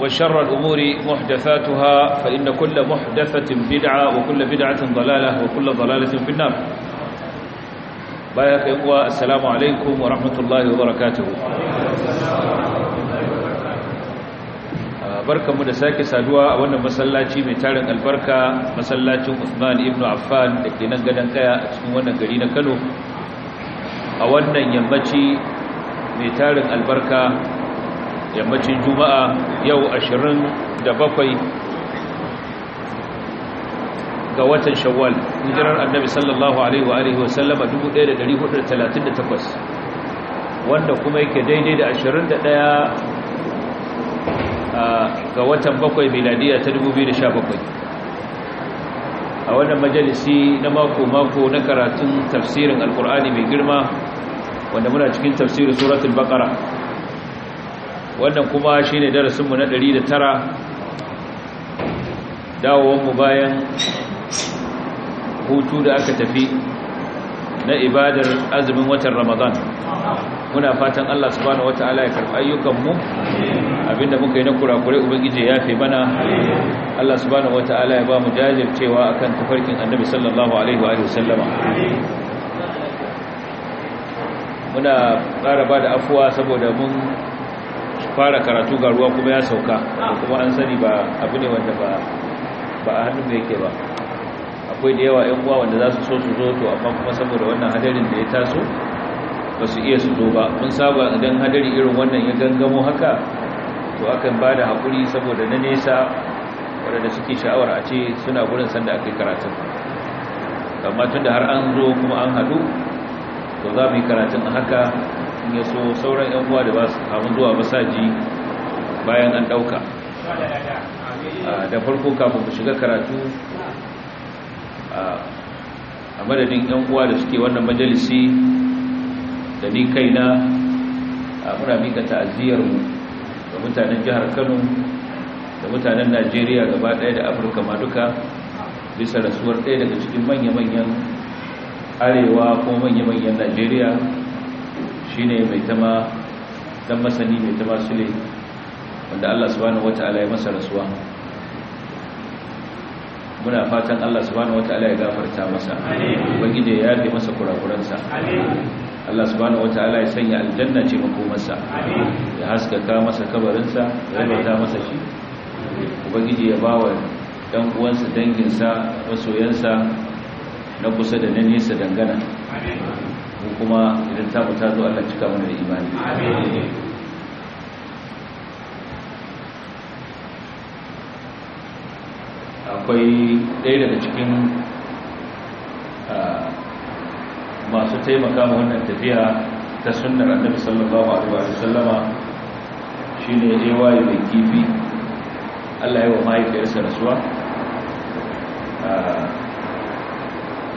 وشر الأمور محدثاتها فإن كل محدثة بدعة وكل بدعة ضلالة وكل ضلالة في النار بايك إخوة السلام عليكم ورحمة الله وبركاته barkan mu da sake saduwa a wannan masallaci mai tarin albarka masallacin usman ibn Affan da ke nan gadan kaya a cikin wannan gari na Kano a wannan yammaci mai tarin albarka yammacin juma'a yau 27 ga watan shawwal hijirar annabi sallallahu alaihi wa alihi wa sallama 1438 wanda kuma yake daidai da 21 ga watan bakwai miladiya ta 2017 a wannan majalisi na mako-mako na karatun tafsirin alkur'ani mai girma wanda muna cikin tafsirin suratul baqara wannan kuma shi ne darasinmu na 109 dawowanmu bayan hutu da aka tafi na ibadar azumin watan ramadan muna fatan allah subhanahu wata'ala ya karɓi ayyukanmu abinda muka yi na kurakurai ubangiji ya fi mana allah subhanahu wata'ala ya ba mu jajircewa akan tafarkin annabi sallallahu alaihi wa sallama muna ƙara ba da afuwa saboda mun fara karatu ga ruwa kuma ya sauka kuma an sani ba abu ne wanda ba a hannun da yake ba akwai da yawa yan uwa wanda za su so su zo to amma kuma saboda wannan hadarin da ya taso ba su iya su zo ba mun saba idan hadari irin wannan ya gangamo haka to akan ba da hakuri saboda na nesa wadanda suke sha'awar a ce suna gurin sanda a kai karatun amma tun da har an zo kuma an haɗu to za mu yi karatun a haka in ya so sauran yan uwa da ba su kamun zuwa masaji bayan an ɗauka da farko kafin ku shiga karatu a madadin yan uwa da suke wannan majalisi da ni kaina a muna mika ta'aziyarmu ga mutanen jihar kano da mutanen najeriya gaba daya da afirka ma duka bisa rasuwar daya daga cikin manya-manyan arewa ko manya-manyan najeriya ne mai tama dan masani mai tama ne wanda Allah subhanahu wataala ya masa rasuwa muna fatan Allah subhanahu wataala ya gafarta masa ubangiji ya yafe masa kurakuransa Allah subhanahu wataala ya sanya aljanna ce makomarsa ya haskaka masa kabarinsa ya ta masa shi ubangiji ya bawa ɗan uwansa danginsa masoyansa na kusa da na nesa dangana ko kuma idan ta mutu zo Allah cika mana da imani akwai ɗaya daga cikin masu taimaka ma wannan tafiya ta sunnar annabi sallallahu alaihi wa sallama shine AY mai kifi Allah ya wa mahaifiyarsa rasuwa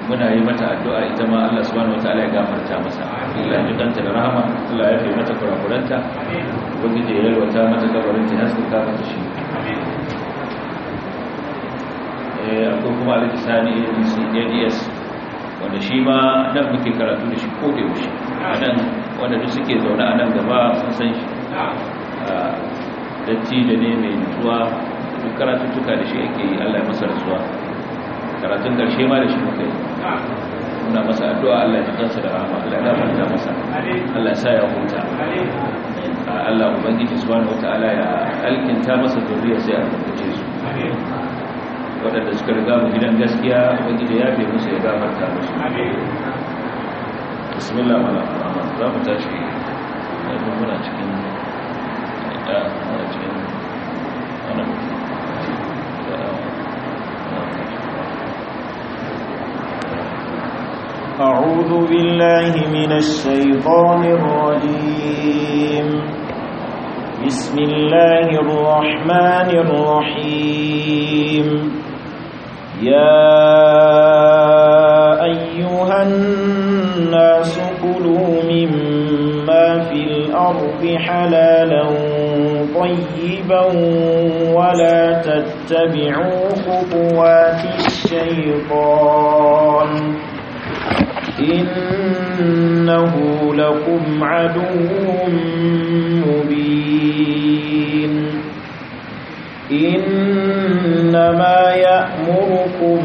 muna yi mata addu'a ita ma Allah subhanahu Ta'ala ya gafarta masa Allah ya danta da rahama Allah ya fi mata kurakuranta ubangiji ya yalwata mata kabarin ta nasu kafa ta shi eh akwai kuma alhaji sani irin su JDS wanda shi ma nan muke karatu da shi ko da yaushe nan wanda duk suke zaune a nan gaba sun san shi ah, da ne mai nutsuwa duk karatuttuka da shi ake yi Allah ya masa rasuwa karatun ƙarshe ma da shi muka yi muna masa addu'a Allah ya kansa da rahama Allah ya manta masa Allah ya sa ya huta Allah ya ubangiji subhanahu wataala ya alkinta masa zuriya sai a rubuce su waɗanda suka riga mu gidan gaskiya ubangiji ya yafe musu ya gafarta musu bismillah wala rahman za mu tashi yanzu muna cikin eh, muna أعوذ بالله من الشيطان الرجيم بسم الله الرحمن الرحيم يا أيها الناس كلوا مما في الأرض حلالا طيبا ولا تتبعوا خطوات الشيطان إنه لكم عدو مبين إنما يأمركم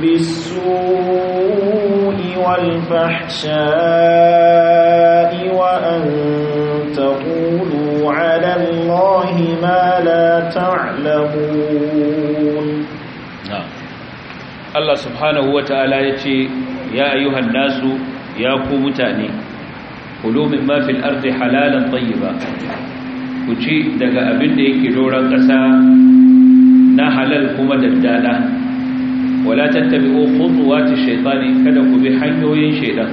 بالسوء والفحشاء وأن تقولوا على الله ما لا تعلمون نعم. الله سبحانه وتعالى يتي ya ayu hannasu ya ku mutane kulu min ma halalan ardi ba ku ci daga abin da yake doron ƙasa na halal kuma daddada wala tattabi'u ta shaytani kada ku bi hanyoyin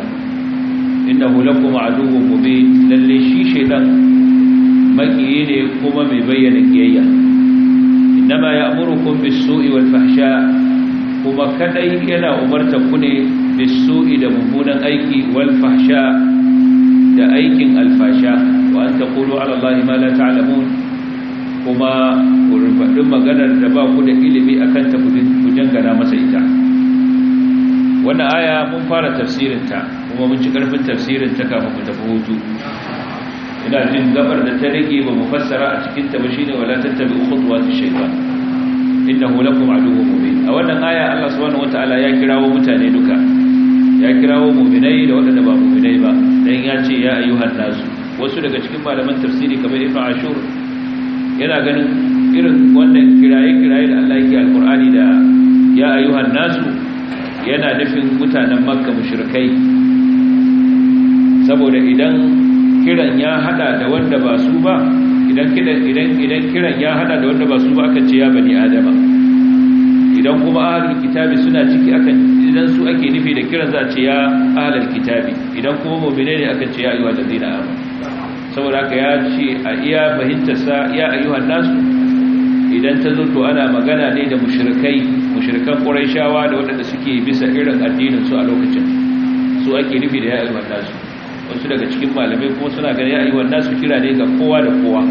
na hula kuma aduwwun gobe, lalle shi shaidan. makiyi ne kuma mai bayyana kiyayya innama ya'murukum bis-su'i wal fahsha kuma kadai yana umarta ku ne bisu'i da mummunan aiki wal fahsha da aikin alfasha wa an taqulu ala allahi ma la ta'lamun kuma ku maganar da ba ku da ilimi akan ta ku jangara masa ita wannan aya mun fara tafsirin ta kuma mun ci karfin tafsirin ta kafin ku tafi hutu ina jin gabar da ta rage ba mu fassara a cikin ta ba shine wala tattabi khutuwatish shaytan innahu lakum aduwwun mubin a wannan aya Allah subhanahu wataala ya kirawo mutane duka ya kirawo mu'minai da waɗanda ba mu'minai ba dan ya ce ya ayyuhan wasu daga cikin malaman tafsiri kamar ibn ashur yana ganin irin wannan kiraye kiraye da Allah yake alqur'ani da ya ayyuhan yana nufin mutanen makka mushrikai saboda idan kiran ya hada da wanda ba su ba idan kiran idan kiran ya hada da wanda ba su ba aka ce ya bani adama idan kuma ahlul kitabi suna ciki akan idan su ake nufi da kiran za a ce ya alal kitabi idan kuma mu'mine ne akan ce ya ayyuhal ladina amanu saboda haka ya ce a iya fahimtar sa ya ayyuhan nasu idan ta zo to ana magana ne da mushrikai mushrikan quraishawa da waɗanda suke bisa irin addinin su a lokacin su ake nufi da ya ayyuhan nasu wasu daga cikin malamai kuma suna ganin ya ayyuhan nasu kira ne ga kowa da kowa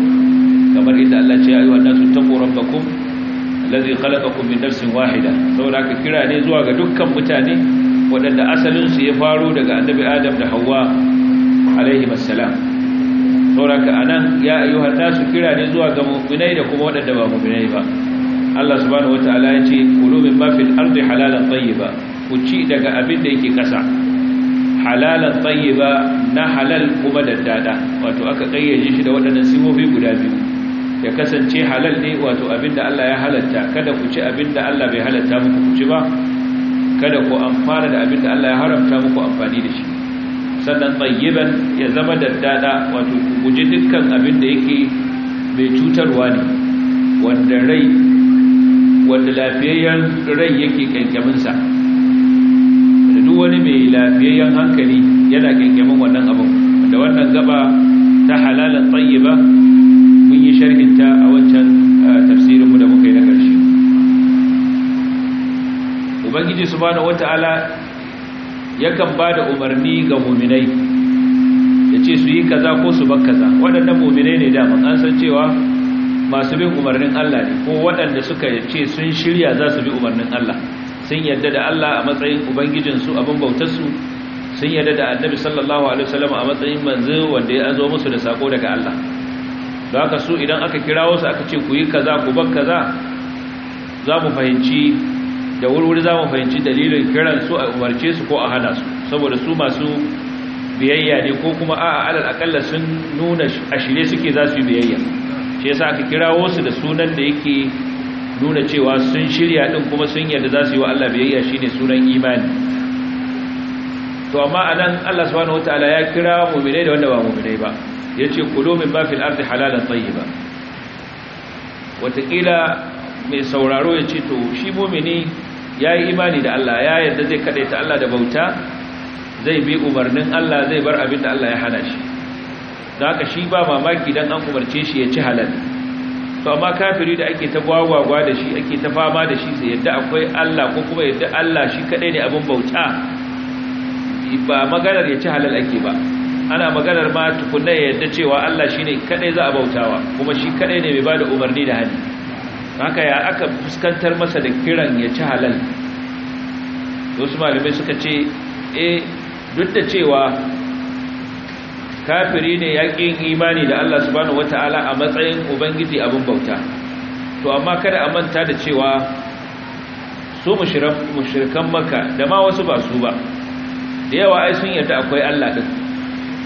kamar yadda Allah ce ya ayyuhan nasu taqu allazi khalaqakum min nafsin wahida saboda ka kira ne zuwa ga dukkan mutane waɗanda asalin su ya faro daga annabi adam da hawa alaihi wassalam saboda ka anan ya ayyuhan nasu kira ne zuwa ga mu'minai da kuma waɗanda ba mu'minai ba Allah subhanahu wataala ya ce kulu min ma fil ardi halalan tayyiba ku ci daga abin da yake kasa halalan tayyiba na halal kuma da dada wato aka kayyaje shi da waɗannan sifofi guda biyu ya kasance halal ne wato abinda Allah ya halatta kada ku ci abinda Allah bai halatta muku ku ci ba kada ku amfana da abinda Allah ya haramta muku amfani da shi sannan tayyiban ya zama daddada wato ku guji dukkan abinda yake mai cutarwa ne wanda rai wanda lafiyayyen rai yake kankamin sa da duk wani mai lafiyayyen hankali yana kankamin wannan abin da wannan gaba ta halalan tayyiba sharhinta a wancan uh, tafsirinmu da muka yi na ƙarshe ubangiji subhanahu wata'ala yakan ba da umarni ga muminai ya ce su yi kaza ko su bar kaza waɗannan muminai ne dama an san cewa masu bin umarnin Allah ne ko waɗanda suka ce sun shirya za su bi umarnin Allah sun yarda da Allah a matsayin ubangijinsu abin bautarsu sun yarda da annabi sallallahu alaihi wasallam a matsayin manzo wanda ya zo musu da sako daga Allah Zaka so idan aka kira wasu aka ce ku yi kaza ku bar kaza za mu fahimci da wurwuri za mu fahimci dalilin kiran su a umarce su ko a hana su saboda su masu biyayya ne ko kuma a'a alal akalla sun nuna a shirye suke za su yi biyayya shi yasa aka kira wasu da sunan da yake nuna cewa sun shirya din kuma sun yarda za su yi wa Allah biyayya shine sunan imani to amma anan Allah subhanahu wataala ya kira mu'minai da wanda ba mu'minai ba ya ce kulo min bafil ardi halalan ba. watakila mai sauraro ya ce to shi mumini ya yi imani da Allah ya yadda zai kadaita Allah da bauta zai bi umarnin Allah zai bar abin da Allah ya hana shi da haka shi ba mamaki don an umarce shi ya ci halal to amma kafiri da ake ta gwagwagwa da shi ake ta fama da shi sai yadda akwai Allah ko kuma yadda Allah shi kadai ne abin bauta ba maganar ya ci halal ake ba ana maganar ma tukunna ya yadda cewa Allah shine kadai za a bautawa kuma shi kadai ne mai bada umarni da hali haka ya aka fuskantar masa da kiran ya ci halal wasu malamai suka ce eh duk da cewa kafiri ne ya ƙin imani da Allah subhanahu wata'ala a matsayin ubangiji abin bauta to amma kada a manta da cewa su mushrikan maka da ma wasu ba su ba da yawa ai sun yarda akwai Allah din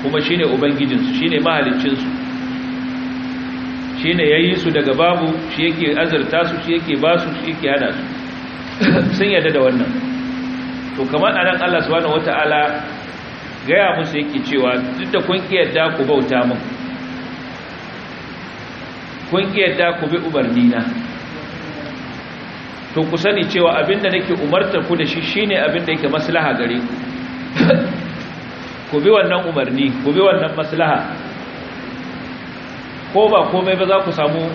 kuma shine ubangijinsu shine ne shine yayi su daga babu shi yake azurta su shi yake ba su shi yake hana su sun yarda da wannan to kamar anan Allah subhanahu wataala gaya musu yake cewa duk da kun yarda ku bauta min kun yarda ku bi ubarni na to ku sani cewa abinda nake umarta ku da shi shine abinda yake maslaha gare ku ku bi wannan umarni ku bi wannan maslaha ko ba komai ba za ku samu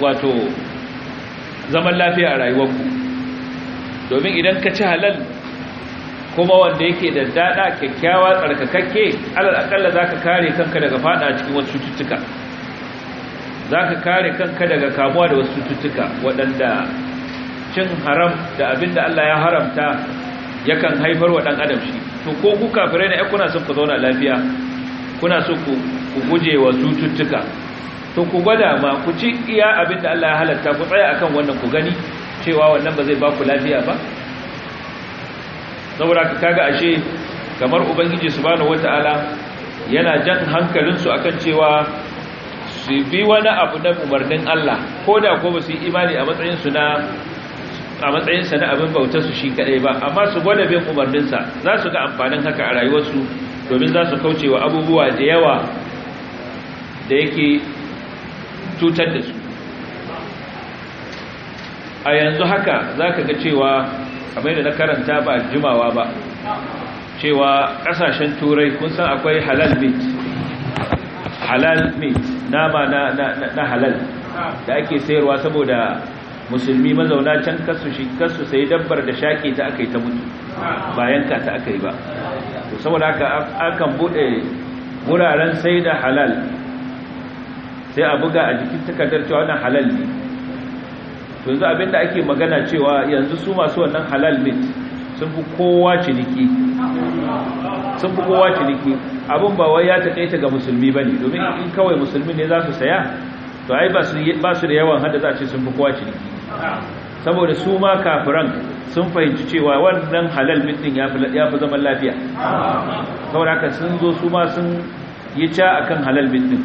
wato zaman lafiya a rayuwarku domin idan ka ci halal kuma wanda yake da dada kyakkyawa tsarkakakke alal akalla zaka kare kanka daga fada cikin wasu cututtuka zaka kare kanka daga kamuwa da wasu cututtuka waɗanda cin haram da abinda Allah ya haramta yakan haifar wa dan adam shi to ko ku kafirai ne kuna son ku zauna lafiya kuna so ku guje wa cututtuka to ku gwada ma ku ci iya abin da Allah ya halatta ku tsaya akan wannan ku gani cewa wannan ba zai ba ku lafiya ba saboda ka kaga ashe kamar ubangiji subhanahu wataala yana jan hankalin su akan cewa su bi wani abu na umarnin Allah koda da ko ba su yi imani a matsayin su na a matsayinsa na abin bauta su shi kadai ba amma su gwada bin umarninsa za su ga amfanin haka a rayuwarsu domin za su kauce wa abubuwa da yawa da yake cutar da su a yanzu haka za ka ga cewa kamar da na karanta ba jimawa ba cewa kasashen turai kun san akwai halal meat halal meat nama na halal da ake sayarwa saboda musulmi mazauna can kasu shi kasu sai dabbar da shaƙe ta aka yi ta mutu bayan ka ta aka yi ba to saboda haka akan bude wuraren sai da halal sai a buga a jikin takardar cewa wannan halal ne to yanzu abinda ake magana cewa yanzu su masu wannan halal ne sun fi kowa ciniki sun fi kowa ciniki abin ba wai ya taƙaita ga musulmi ba ne domin in kawai musulmi ne za su saya to ai ba su da yawan hada za a ce sun fi kowa ciniki saboda su ma kafiran sun fahimci cewa wannan halal mintin ya fi zaman lafiya saboda haka sun zo su ma sun yi ca akan halal mintin,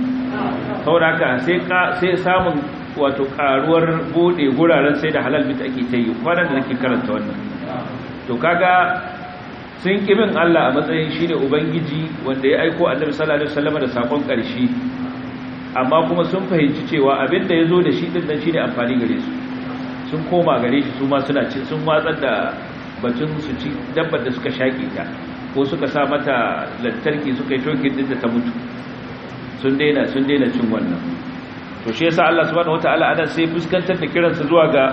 saboda haka sai samun wato karuwar bude guraren sai da halal mintin ake ta yi kwanan da nake karanta wannan to kaga sun kimin Allah a matsayin shi shine ubangiji wanda ya aiko annabi sallallahu alaihi da sakon karshe amma kuma sun fahimci cewa abinda zo da shi din nan shi ne amfani gare su sun koma gare shi su ma suna cin sun watsar da batun su ci dabbar da suka shaƙe ta ko suka sa mata lantarki suka yi shokin din da ta mutu sun daina sun daina cin wannan to shi yasa Allah subhanahu wataala ana sai fuskantar da kiransa zuwa ga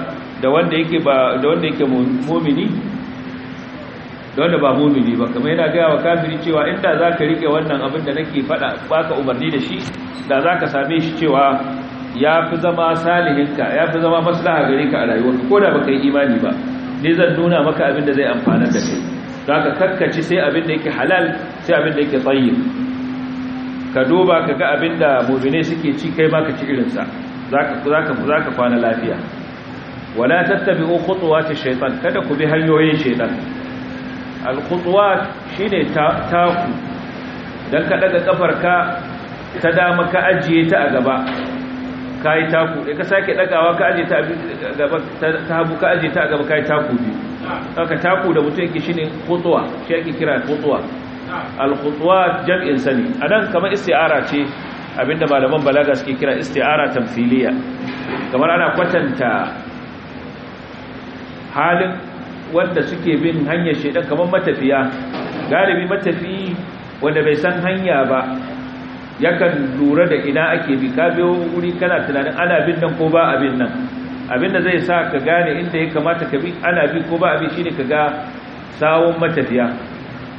da wanda yake ba da wanda yake mu'mini da wanda ba mu'mini ba kamar yana ga wa kafiri cewa in za zaka rike wannan abin da nake faɗa baka umarni da shi da za ka same shi cewa ya fi zama salihinka ya fi zama maslaha gare ka a rayuwarka ko da baka yi imani ba ne zan nuna maka abin da zai amfana da kai za ka kakkaci sai abin da yake halal sai abin da yake tsayi ka duba ka ga abin da mubinai suke ci kai ma ka ci irinsa za ka kwana lafiya wala tattabi'u khutuwati shaytan kada ku bi hanyoyin shaytan al khutuwat shine taku dan ka daga kafarka ta dama ka ajiye ta a gaba ka taku ka sake ɗagawa ka aje ta habu ka aje ta gaba ka taku biyu haka taku da mutum yake shine khutwa shi yake kira khutwa al khutwa jam'in sani a kamar isti'ara ce abinda malaman balaga suke kira isti'ara tamthiliya kamar ana kwatanta halin wanda suke bin hanyar shedan kamar matafiya galibi matafi wanda bai san hanya ba yakan lura da ina ake bi ka biyo wuri kana tunanin ana bin nan ko ba abin nan abin da zai sa ka gane inda ya kamata ka bi ana bi ko ba abin shine ka ga sawun matafiya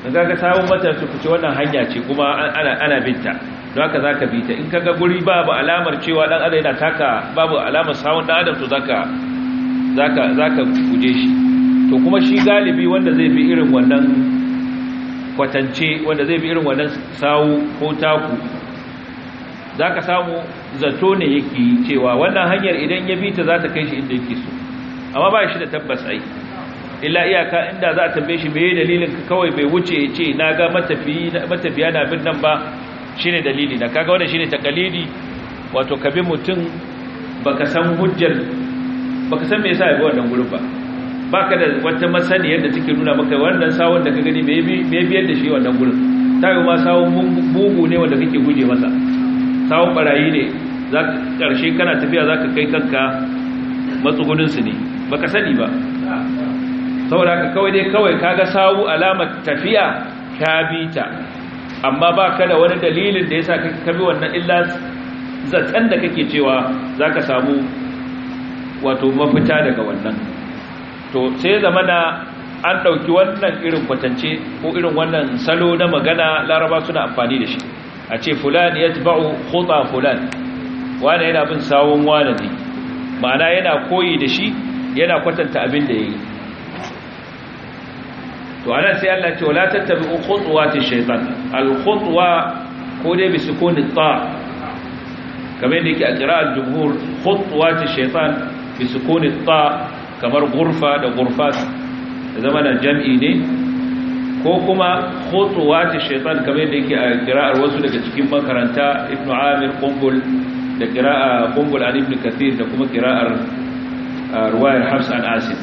ka ga sawun matafiya ku ce wannan hanya ce kuma ana ana binta don haka zaka bi ta in kaga guri babu alamar cewa dan adam yana taka babu alamar sawun dan adam to zaka zaka zaka guje shi to kuma shi galibi wanda zai bi irin wannan kwatance wanda zai bi irin wannan sawu ko taku za ka samu zato ne yake yi cewa wannan hanyar idan ya bi ta za ta kai shi inda yake so amma ba shi da tabbas ai illa iyaka inda za a tambaye shi meye dalilin ka kawai bai wuce ya ce na ga matafiya na bin nan ba shi ne dalili na kaga ne ta takalidi wato ka bi mutum ba ka san hujjar ka san me sa yabi wannan gurin ba ba ka da wata masaniyar da take nuna maka wannan sawon da ka gani me biyar da shi wannan gurin ta yi ma sawon bugu ne wanda kake guje masa sawon barayi ne ƙarshe kana tafiya za ka kai kanka matsuguninsu ne ba ka sani ba saboda haka kawai dai kawai kaga sawu alamar tafiya ka bi ta amma ba ka da wani dalilin da ya sa ka bi wannan illa zaton da kake cewa za ka samu wato mafita daga wannan to sai zamana an ɗauki wannan irin kwatance ko irin wannan salo na magana laraba suna amfani da shi a ce fulan ya tba'u khuta fulan Wane yana bin sawon wanani, ne ma'ana yana koyi da shi yana kwatanta abin da ya yi to anan sai Allah ce wala tattabi'u khutuwati shaytan al-khutwa ko dai bi sukuni ta kamar yadda yake a qira'at jumhur khutuwati shaytan bi sukuni ta kamar gurfa da gurfa da zamanin jam'i ne ko kuma ta shaytan kamar yadda yake a kira'ar wasu daga cikin makaranta ibnu amir qumbul da kira'a qumbul an ibn kathir da kuma kira'ar ruwayar hafs an asim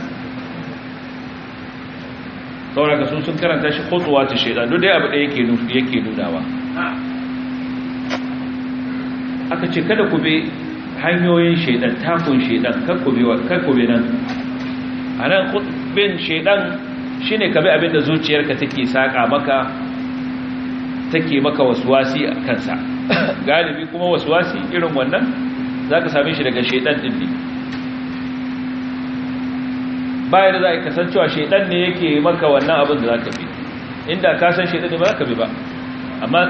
sauraka sun sun karanta shi ta shaytan duk dai abu da yake nufi yake nunawa aka ce kada ku bi hanyoyin shaytan takun shaytan ku bi nan anan khutbin shaytan shi ka bi abin da zuciyarka take saka maka take maka waswasi a kansa galibi kuma waswasi irin wannan zaka same shi daga shaidan din ne baya da za ka san cewa shaidan ne yake maka wannan abin da zaka bi inda ka san shaidan ne ba zaka bi ba amma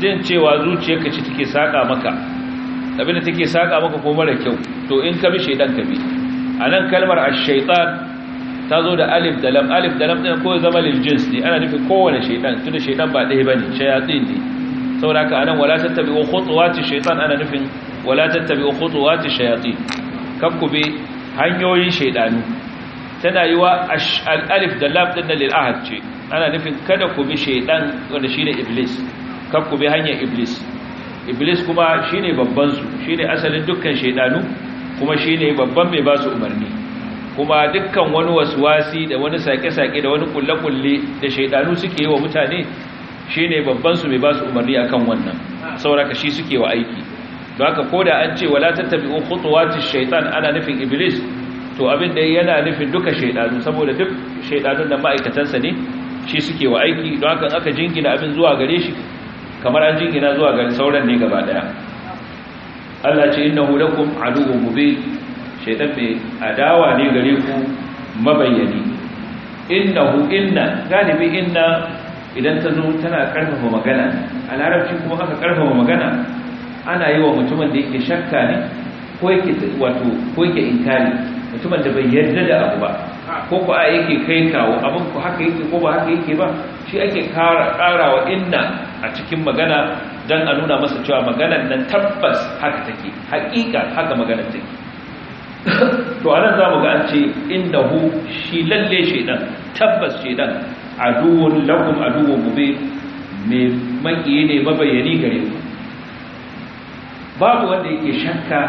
jin cewa zuciyarka ce take saka maka abin da take saka maka ko mara kyau to in ka bi shaidan ka bi anan kalmar ash-shaytan ta zo da alif da lam alif da lam ɗin ko zama lil jins ne ana nufin kowane shaitan tunda shaitan ba ɗaya bane shayatin ne saboda haka anan wala tattabi'u khutuwati shaitan ana nufin wala tattabi'u khutuwati shayatin kan ku bi hanyoyin shaidanu tana yi wa al'alif da lam ɗin da lil'ahad ce ana nufin kada ku bi shaidan wanda shi ne iblis kan ku bi hanyar iblis iblis kuma shi ne babbansu shi ne asalin dukkan shaidanu kuma shi ne babban mai ba su umarni kuma dukkan wani waswasi da wani sake-sake da wani kulle-kulle da shaidanu suke yi wa mutane shine babban su mai ba su umarni akan wannan sauraka shi suke wa aiki don haka koda an ce wala tattabi'u khutuwatish shaitan ana nufin iblis to abin da yana nufin duka shaidanu saboda duk shaidanun da ma'aikatansa ne shi suke wa aiki don haka aka jingina abin zuwa gare shi kamar an jingina zuwa gare sauran ne gaba daya Allah ce innahu lakum aduwwun mubin shaitan mai adawa ne gare ku mabayyani hu, inna galibi inna idan ta zo tana karfafa magana a larabci kuma aka karfafa magana ana yi wa mutumin da yake shakka ne ko yake wato ko yake inkari mutumin da bai yarda da abu ba ko ko a yake kai kawo abin ko haka yake ko ba haka yake ba shi ake kara karawa inna a cikin magana dan a nuna masa cewa maganar nan tabbas haka take Haƙiƙa haka maganar take to anan za mu ga an ce inda hu shi lalle shi dan, tabbas shi dan, aduwun lakum aduwun gobe mai maƙiye ne bayani gare ku babu wanda yake shakka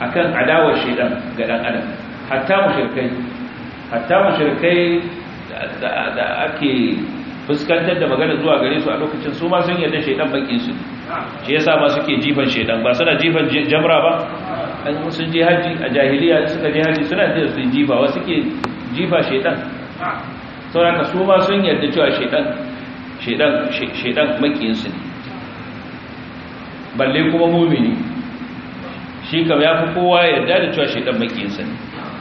akan adawar dan ga dan adam hatta mushrikai hatta mushrikai da ake fuskantar da magana zuwa gare su a lokacin su ma sun yarda shaidan bakin su shi yasa ma suke jifan shaidan ba suna jifan jamra ba an sun je haji a jahiliya suka je haji suna da su jifa wa suke jifa shaidan sauraka su ma sun yarda cewa shaidan shaidan shaidan makiyin su ne balle kuma mumini shi kam ya fi kowa yarda da cewa shaidan makiyin su ne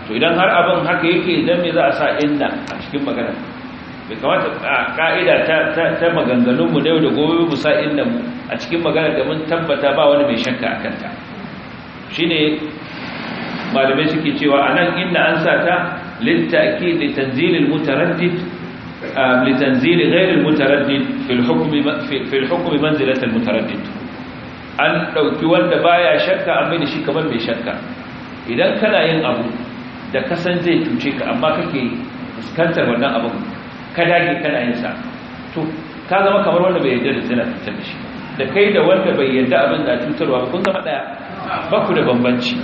to idan har abin haka yake idan me za a sa inda a cikin magana bai kamata ka'ida ta maganganunmu da yau da gobe musa inda a cikin magana da mun tabbata ba wani mai shakka a kanta shi ne malamai suke cewa a nan inda an sa ta littaki litanzilin gairin mutaraddid fil manzilatar an ɗauki wanda baya shakka an shi kamar mai shakka idan kana yin abu da kasan zai cuce ka amma kake fuskantar wannan abin ka dage kana yin sa to ka zama kamar wanda bai yarda da tana cutar da shi da kai da wanda bai yarda abin da cutarwa ba kun zama daya ba ku da bambanci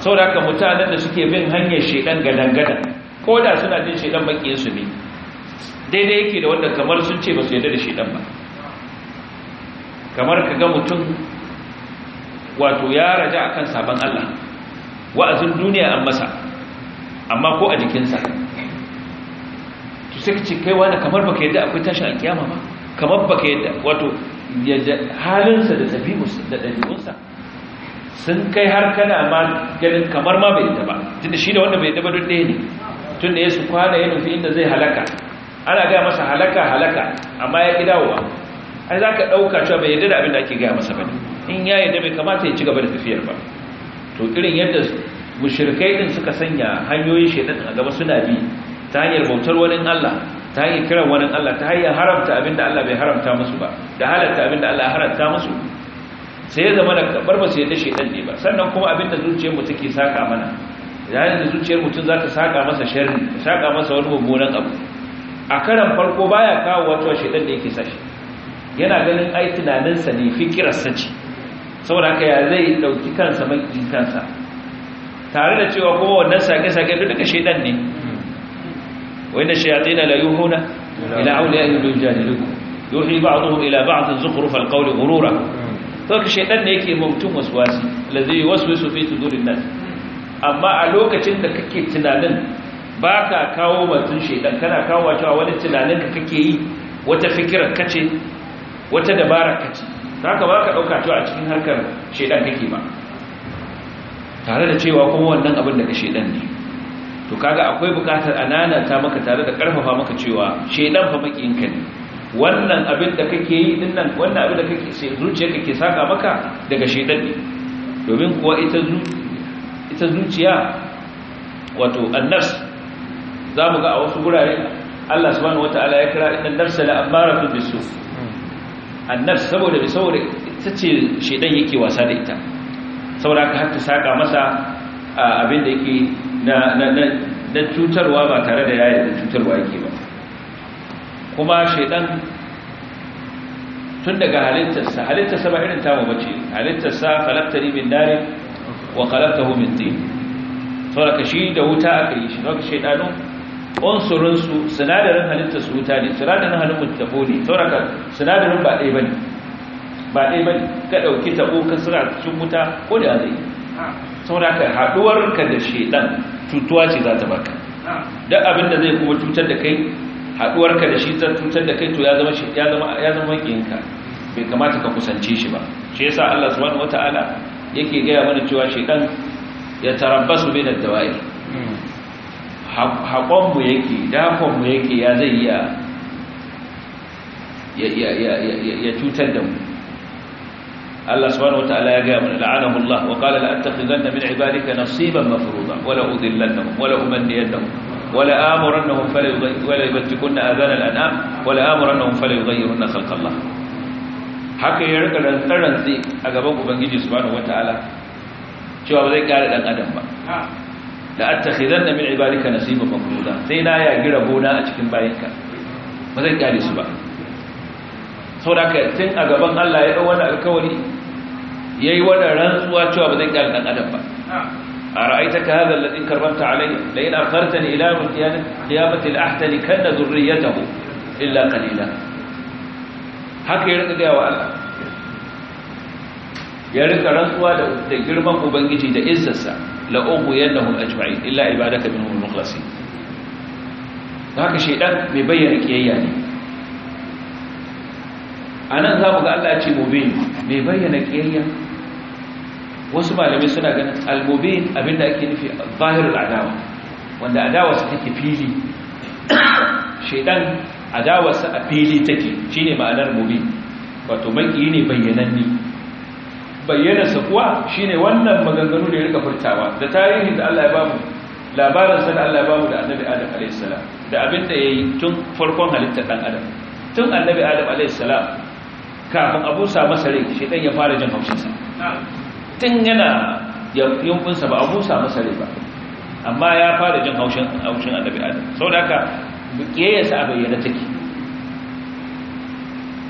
saboda haka mutanen da suke bin hanyar shedan gadan-gadan ko da suna jin shedan su ne daidai yake da wanda kamar sun ce ba su yarda da shedan ba kamar ka ga mutum wato ya raja akan sabon Allah wa'azin duniya an masa amma ko a jikinsa sai ce kai wani kamar baka yadda akwai tashin alkiyama ba kamar baka yadda wato halinsa da tabi'unsa da ɗabi'unsa sun kai har kana ma ganin kamar ma bai yadda ba tunda shi da wanda bai yadda ba duk ɗaya ne tun ya su kwana ya nufi inda zai halaka ana gaya masa halaka halaka amma ya ƙi dawowa ai za ka ɗauka cewa bai yadda da abin da ake gaya masa ba ne in ya yadda bai kamata ya ci gaba da tafiyar ba to irin yadda mushirkai din suka sanya hanyoyin shaidan a gaba suna bi ta hanyar bautar wani Allah ta hanyar kiran wani Allah ta hanyar haramta abinda Allah bai haramta musu ba da halatta abinda Allah haramta musu sai ya zama da kabar ba sai da shedan ne ba sannan kuma abinda zuciyar mu take saka mana yayin da zuciyar mutum za ta saka masa sharri ta saka masa wani mummunan abu a karan farko baya kawo wato shedan da yake sashi yana ganin ai tunaninsa ne fikirarsa ce saboda haka ya zai dauki kansa mai kansa tare da cewa kuma wannan sake-sake duk daga shedan ne وإن الشياطين ليوحون إلى أوليائهم ليجادلوكم يوحي بعضهم إلى بعض زخرف القول غرورا فك الشيطان ne yake mutum waswasi allazi yuwaswisu fi sudurin nas amma a lokacin da kake tunanin baka kawo batun shaidan kana kawo cewa wani tunanin ka kake yi wata fikirar kace wata dabara kace haka ba ka dauka a cikin harkar shaidan kake ba tare da cewa kuma wannan abin daga shaidan ne to kaga akwai bukatar anana ta maka tare da karfafa maka cewa shedan fa makiyinka ne wannan abin da kake yi din nan wannan abin da kake sai zuciya kake saka maka daga shedan ne domin kuwa ita ita zuciya wato annas zamu ga a wasu gurare Allah subhanahu wataala ya kira inna nafsa la amaratun bisu annas saboda saboda ita ce shedan yake wasa da ita saboda haka har ta saka masa abin da yake na cutarwa ba tare da yaya da cutarwa yake ba kuma shaidan tun daga halittarsa halittarsa ba irin tamu bace halittarsa khalaqtani min dare wa khalaqtahu min tin saboda shi da wuta aka yi shi don shaidanu unsurin sinadarin halittar su wuta ne sinadarin halin mutafo ne saboda sinadarin ba ɗaya ne, ba ɗaya ne. ka ɗauki tabo ka sura cikin wuta ko da zai saboda ka haduwarka da shedan cutuwa ce za ta baka duk abin da zai kuma cutar da kai haduwarka da shi ta cutar da kai to ya zama ya zama ya zama bai kamata ka kusance shi ba shi yasa Allah subhanahu wataala yake gaya mana cewa shedan ya tarabbasu bai da dawai haƙonmu yake dakonmu yake ya zai ya cutar da mu Allah subhanahu wataala ya gaya mana la'anahu Allah wa qala la attakhidanna min ibadika nasiban mafruḍa wa la udillannahum wa la umanniyannahum wa la amurannahum fala yughayyirunna wa la yubtikunna adhana al-an'am wa la amurannahum fala yughayyirunna khalqa Allah haka ya rika zai a gaban ubangiji subhanahu ta'ala. cewa ba zai kare dan adam ba la attakhidanna min ibadika nasiban mafruḍa sai na ya gira gona a cikin bayinka ba zai kare su ba saboda ka tun a gaban Allah ya dau wani alkawari yi wannan rantsuwa cewa ba zai kyale dan adam ba أرأيتك هذا الذي كرمت عليه لئن أخرتني kan يوم قيامة ya taho. إلا قليلا haka ya rika gaya wa ya rika rantsuwa da girman ubangiji da izzarsa la ugu a ajma'in illa ibadaka minhum al-mukhlasin haka shedan mai bayyana kiyayya ne a nan za mu ga Allah ce mubin mai bayyana ƙiyayya wasu malamai suna ganin al-mubin abinda ake nufi zahirul adawa wanda adawarsa take fili shaidan adawarsa a fili take shine ma'anar mubin wato maki ne bayyananni bayyanarsa kuwa shine wannan maganganu da ya rika furtawa da tarihin da Allah ya bamu labarin sa da Allah ya bamu da Annabi Adam alayhis salam da abinda yayi tun farkon halittar dan Adam tun Annabi Adam alayhis salam kafin a busa masa rai ɗan ya fara jin haushinsa tun yana yankunsa ba a busa masa rai ba amma ya fara jin haushin haushin annabi Sau da haka kiyayyarsa a bayyana take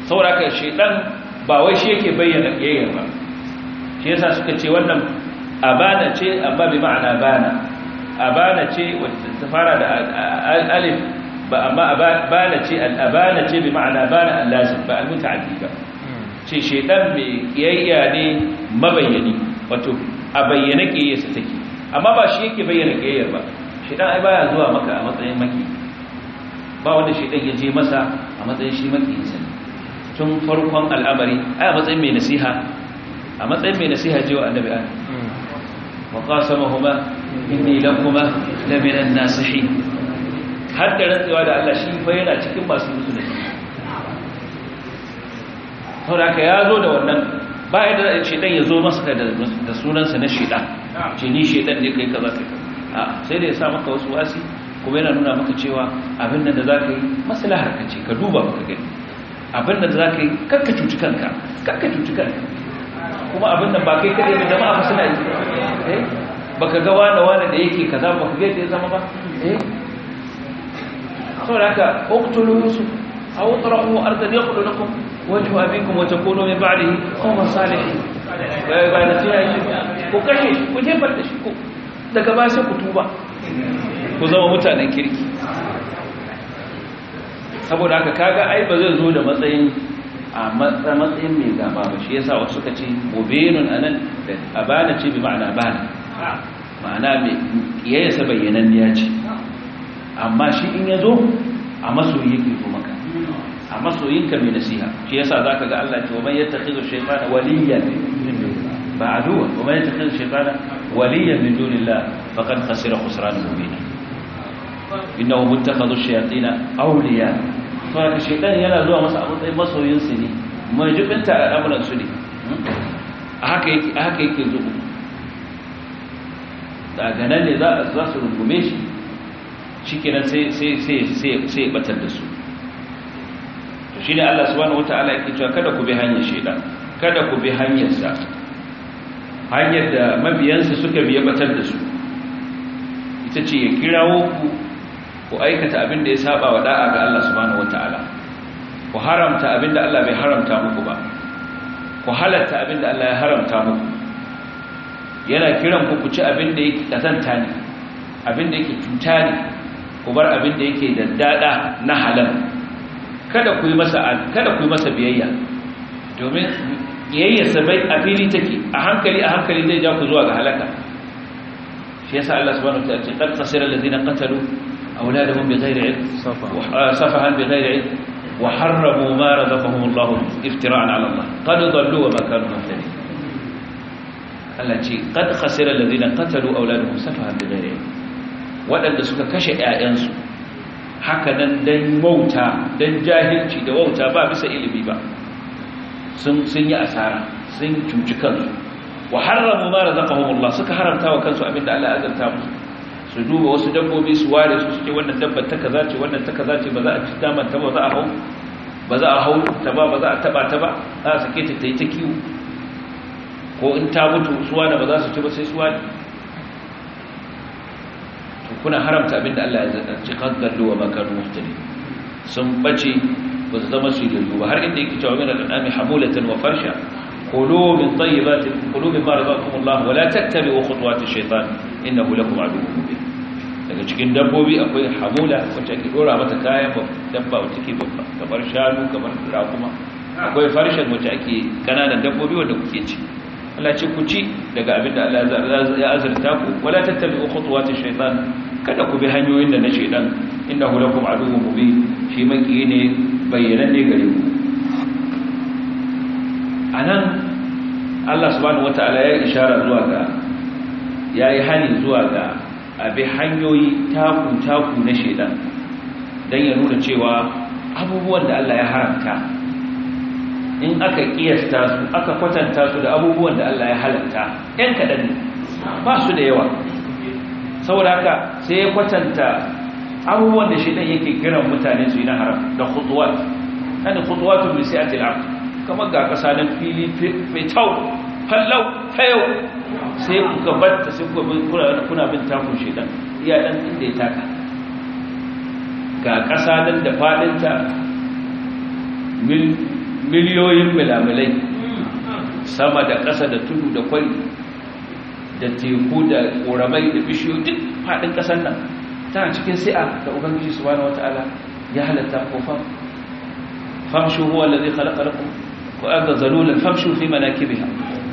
aka shi ɗan, ba wai shi yake bayyana kiyayyar ba shi yasa suka ce wannan abana ce amma bi ma'ana bana abana ce wata ta fara da alif ba amma abana ce al'abana ce bi ma'ana bana allazim ba al-muta'addi ba ce shaidan mai kiyayya ne mabayyani wato a bayyana kiyayyarsa take amma ba shi yake bayyana kiyayyar ba shaidan ai baya zuwa maka a matsayin maki ba wanda shaidan ya je masa a matsayin shi makiyinsa ne tun farkon al'amari ai a matsayin mai nasiha a matsayin mai nasiha je wa annabi an wa qasamahuma inni lakuma la min an-nasihin har da rantsuwa da Allah shi fa yana cikin masu musulunci saboda haka ya zo da wannan ba ya da shidan ya zo masa da sunansa na shida ce ni shidan ne kai kaza kai a sai da ya sa maka wasu wasi kuma yana nuna maka cewa abin da za ka yi masu ka ce ka duba maka gani abin da za ka yi kakka cuci kanka kakka cuci kanka kuma abin da ba kai kaɗai da jama'a suna yi eh? ba ka ga wani wane da yake kaza ba ka gaita ya zama ba eh da haka uktulu musu a wutsara mu arzani ya kudu na kuma wajen abinku wata kono mai yi kuma salihi ba bai da tuya yake ku kashe ku jefar da shi ku daga ba sai ku tuba ku zama mutanen kirki saboda haka kaga ai ba zai zo da matsayin a matsayin mai gaba ba shi yasa wasu suka ce mubinun anan da abana ce bi ma'ana bana ma'ana mai kiyaye sa ya ce amma shi in ya zo a masoyi yake zo maka a masoyinka mai nasiha shi yasa ka ga Allah ta ya ce wa man yattakhidhu shaytana waliyan min dunillah ba aduwa wa man yattakhidhu shaytana waliyan min dunillah faqad khasira khusranan mubina innahu muttakhadhu shayatin awliya fa shaytan yana zuwa masa a matsayin masoyin su ne mai jibinta al'amuran su ne a haka yake zuwa daga nan ne za su rungume shi shikenan sai ya batar da su ne Allah subhanahu wataala yake cewa kada ku bi hanyar shaytan kada ku bi hanyarsa hanyar da mabiyansa suka biya batar da su ita ce ya kirawo ku ku aikata abin da ya saba wa da'a ga Allah subhanahu wataala ku haramta abin da Allah bai haramta muku ba ku halatta abin da Allah ya haramta muku yana kiran ku ku ci abin da yake kazanta ne abin da yake cuta ne ku bar abin da yake daddada na halal kada ku yi masa kada ku yi masa biyayya domin biyayya sabai a fili take a hankali a hankali zai ja ku zuwa ga halaka shi yasa Allah subhanahu wa ta'ala ce qad khasira alladhina qatalu awladahum bighayri safahan bighayri ilm wa harramu ma razaqahum Allah iftira'an 'ala Allah qad dallu wa muhtadin Allah ce qad khasira alladhina qatalu awladahum safahan bighayri ilm wadanda suka kashe ƴaƴansu haka nan dan wauta dan jahilci da wauta ba bisa ilimi ba sun sun yi asara sun cuci kansu wa haramu ma razaqahumullah suka haramta wa kansu abinda Allah ya azanta musu su duba wasu dabbobi su ware su suke wannan dabbar ta kaza ce wannan ta kaza ce ba za a ci daman ta ba za a hau ba za a hau ta ba ba za a taba ta ba za a sake ta ta yi ta kiwo ko in ta mutu suwa da ba za su ci ba sai suwa ne kuna haramta abinda Allah ya zance qaddallu wa makanu muhtadi sun bace ba su zama su dillu ba har inda yake cewa min al-anami hamulatan wa farsha kulu min tayyibati kulu mimma razaqakum Allah wa la tattabi'u khutuwati ash-shaytan innahu lakum aduwwun mubin daga cikin dabbobi akwai hamula wacce ake dora mata kayan dabba wacce ke babba kamar shanu kamar raƙuma akwai farshen wacce ake kananan dabbobi wanda kuke ci Allah ce ku ci daga abin da Allah ya azurta ku wala tattabi'u khutuwati shaytan kada ku bi hanyoyin da na shaytan innahu lakum aduwwun mubin shi maki ne bayyana ne gare ku anan Allah subhanahu wataala ya isharar zuwa ga yayi hani zuwa ga abi hanyoyi taku taku na shaytan dan ya nuna cewa abubuwan da Allah ya haramta in aka kiyasta su aka kwatanta su da abubuwan da Allah ya halatta ɗan kaɗan ne ba su da yawa saboda haka sai ya kwatanta abubuwan da shi ɗan yake kiran mutane su yi na haram da khutuwat kan khutuwatun bi a aqd kamar ga kasa na fili tau fallau yau sai kuka batta sai kuka kuna bin takun ɗan iya ɗan inda ya taka ga ƙasa nan da fadinta mil miliyoyin milamilai sama da ƙasa da tudu da kwai da teku da ƙoramai da bishiyu duk faɗin ƙasar nan tana cikin sai'a da ubangiji su wani wata'ala ya halatta ko fam famshu huwa lalai khalaqalakum ko aga zalulan famshu fi ha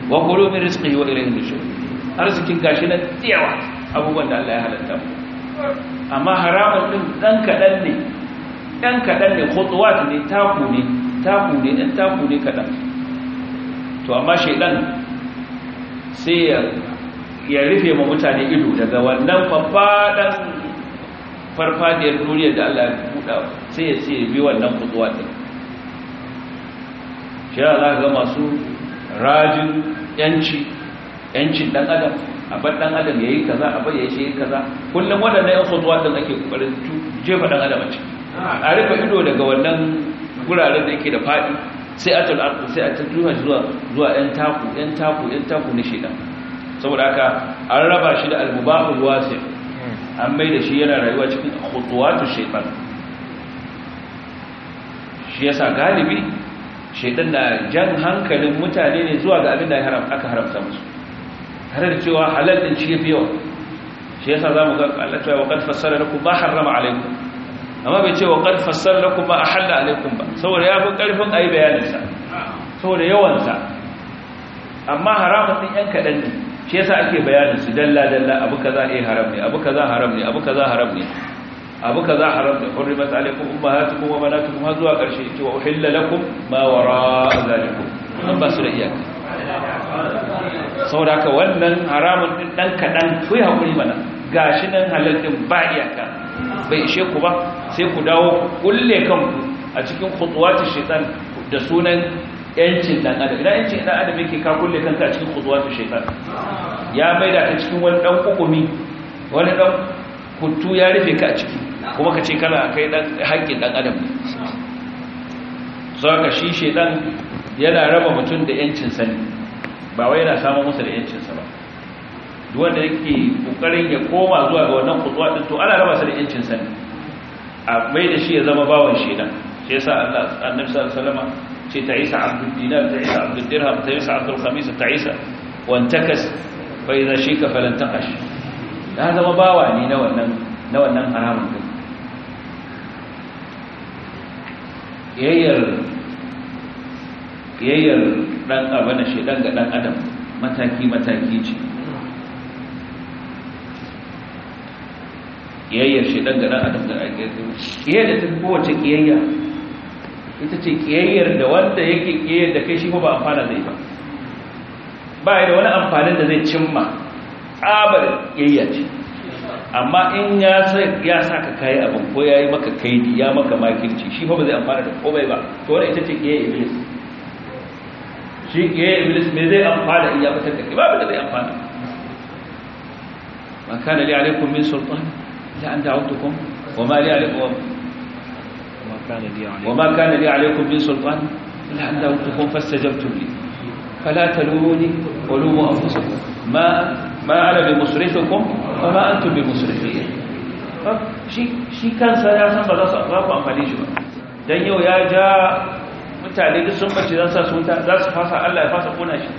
wa kuro min rizqihi wa ilayhi nushur arzikin gashi na tiyawa abubuwan da Allah ya halatta ku amma haramun din ɗan kaɗan ne Ɗan kaɗan ne khutuwat ne taku ne taku ne ɗan taku ne kaɗan to amma shaidan sai ya rufe ma mutane ido daga wannan faɗaɗan farfadiyar duniyar da Allah ya buɗa sai ya ce bi wannan kutsuwa ɗin shi ya zaga masu rajin yanci yancin ɗan adam a bar ɗan adam ya yi kaza a bar ya yi kaza kullum waɗannan yan kutsuwa ɗin ake ƙoƙarin jefa ɗan adam a ciki a rufe ido daga wannan guraren da yake da faɗi sai a tul'arku sai a zuwa zuwa ‘yan taku ‘yan taku ‘yan taku na shida saboda haka an raba shi da almubahul wasi hmm. an mai da shi yana rayuwa cikin ta shaitan shi yasa galibi shaitan na jan hankalin mutane ne zuwa ga abin da aka haramta musu har da cewa halal din shi ya fi yawa shi yasa za mu ga Allah ta wa kad fassara lakum ma harrama amma bai ce wa qad fassallakum ma ahalla alaikum ba saboda ya fi ƙarfin a yi bayaninsa saboda yawan amma haramun din yan kaɗan ne ke yasa ake bayanin su dalla dalla abu kaza eh haram ne abu kaza haram ne abu kaza haram ne abu ka kaza haram ne hurrimat alaikum ummahatukum wa banatukum kuma zuwa ƙarshe ce wa uhilla lakum ma wara zaliku. an ba su da iyaka saboda ka wannan haramun ɗin dan kaɗan ku yi hakuri mana gashi nan halal din ba iyaka bai ishe ku ba sai ku dawo kulle kanku a cikin khutuwati shaitan da sunan yancin dan adam idan yancin dan adam yake ka kulle kanka a cikin khutuwati shaitan ya da ka cikin wani dan kukumi wani dan kuttu ya rufe ka a ciki kuma ka ce kana kai dan haƙƙin dan adam za ka shi shaitan yana raba mutum da yancin sani ba wai yana samun musu da yancinsa ba wanda yake kokarin ya koma zuwa ga wannan kutuwa din to ana raba sa da yancin sa a mai da shi ya zama bawan shedan shi yasa Allah annabi sallallahu alaihi wasallam ce ta isa abdul dinar ta isa abdul dirham ta isa abdul khamis ta isa takas fa idza shika falan taqash da zama bawa ne na wannan na wannan haramun din yayyar yayyar dan abana shedan ga dan adam mataki mataki ce kiyayyar shaidan ga dan adam da ake kiyayyar da ta kowace kiyayya ita ce kiyayyar da wanda yake kiyayyar da kai shi ba amfana zai ba ba da wani amfanin da zai cimma tsabar kiyayya ce amma in ya ya saka kayi abin ko yayi maka kaidi ya maka makirci shi fa ba zai amfana da komai ba to wani ita ce kiyayyar iblis shi kiyayyar iblis me zai amfana in ya fitar da kai ba da zai amfana man kana li alaikum min sultan إلا أن دعوتكم وما لي عليكم وما كان لي عليكم من سلطان إلا أن دعوتكم فاستجبتم لي فلا تلوموني ولوموا أنفسكم ما ما أنا بمصرفكم وما أنتم بمصرفين shi kansa ya san ba za su amfani shi ba don yau ya ja mutane duk sun bace za su wuta za su fasa Allah ya fasa kuna shi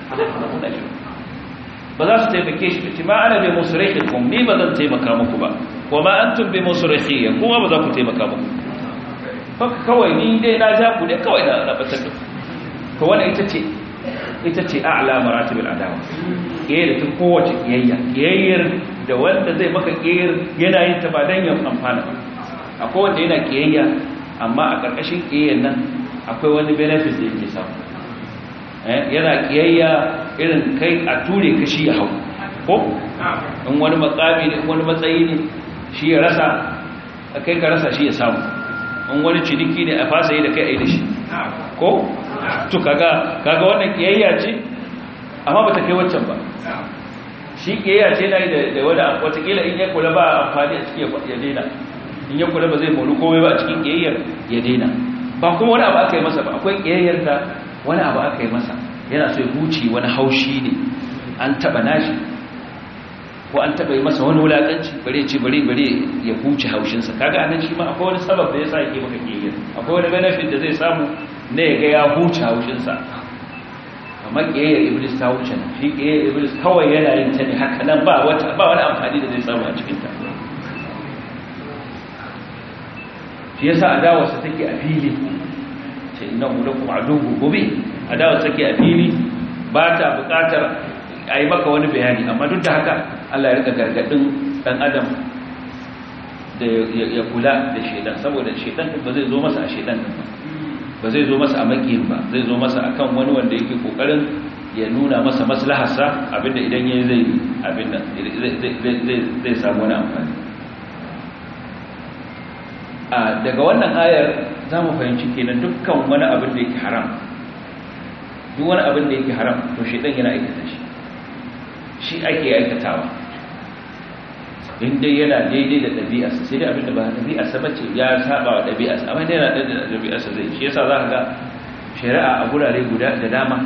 ba za su taimake shi ba ana bai musu rikin kun ni ba zan taimaka muku ba wa ma antum bi musrikhi kuma ba za ku taimaka ba fa kawai ni dai na ja ku ne kawai na na batar to wannan ita ce ita ce a'la maratibul adawa kiyaye da kowace ƙiyayya, ƙiyayyar da wanda zai maka kiyayyar yana yin ta ba dan ya amfana ba akwai wanda yana kiyayya amma a karkashin ƙiyayyar nan akwai wani benefit da yake samu eh, yana kiyayya irin kai a ture kashi ya hau ko in wani ne wani matsayi ne shi ya rasa a kai ka rasa shi ya samu in wani ciniki ne a fasa yi da kai a yi da shi ko? to kaga kaga wannan kiyayya ce amma ba ta kai waccan ba shi kiyayya ce na yi da wada watakila in ya kula ba a amfani a cikin ya daina in ya kula ba zai mori komai ba a cikin kiyayyar ya daina ba kuma wani abu aka yi masa ba akwai kiyayyar da wani abu aka yi masa yana sai huci huce wani haushi ne an taba nashi ko an taɓa yi masa wani wulakanci bare ce bare bare ya huce haushinsa kaga anan shi ma akwai wani sabab da ya sa yake maka kiyaye akwai wani benefit da zai samu na ya ga ya huce haushinsa amma kiyaye iblis ta huce na shi kiyaye iblis kawai yana yin ta ne haka nan ba wata ba wani amfani da zai samu a cikin ta shi yasa sa take a fili ce innahu adu gobe adawa sa take a fili ba ta buƙatar a yi maka wani bayani amma duk da haka Allah ya rika gargadin dan adam da ya kula da shedan saboda shedan ba zai zo masa a shedan din ba ba zai zo masa a makiyin ba zai zo masa akan wani wanda yake kokarin ya nuna masa maslaharsa abinda idan yayi zai abinda zai samu wani amfani a daga wannan ayar za mu fahimci kenan dukkan wani abin da yake haram duk wani abin da yake haram to shedan yana aikata shi shi ake aikatawa in dai yana daidai da ɗabi'arsa sai dai abin da ba ɗabi'arsa ba ce ya saba wa ɗabi'arsa amma dai yana daidai da ɗabi'arsa zai shi yasa za ka ga shari'a a gurare guda da dama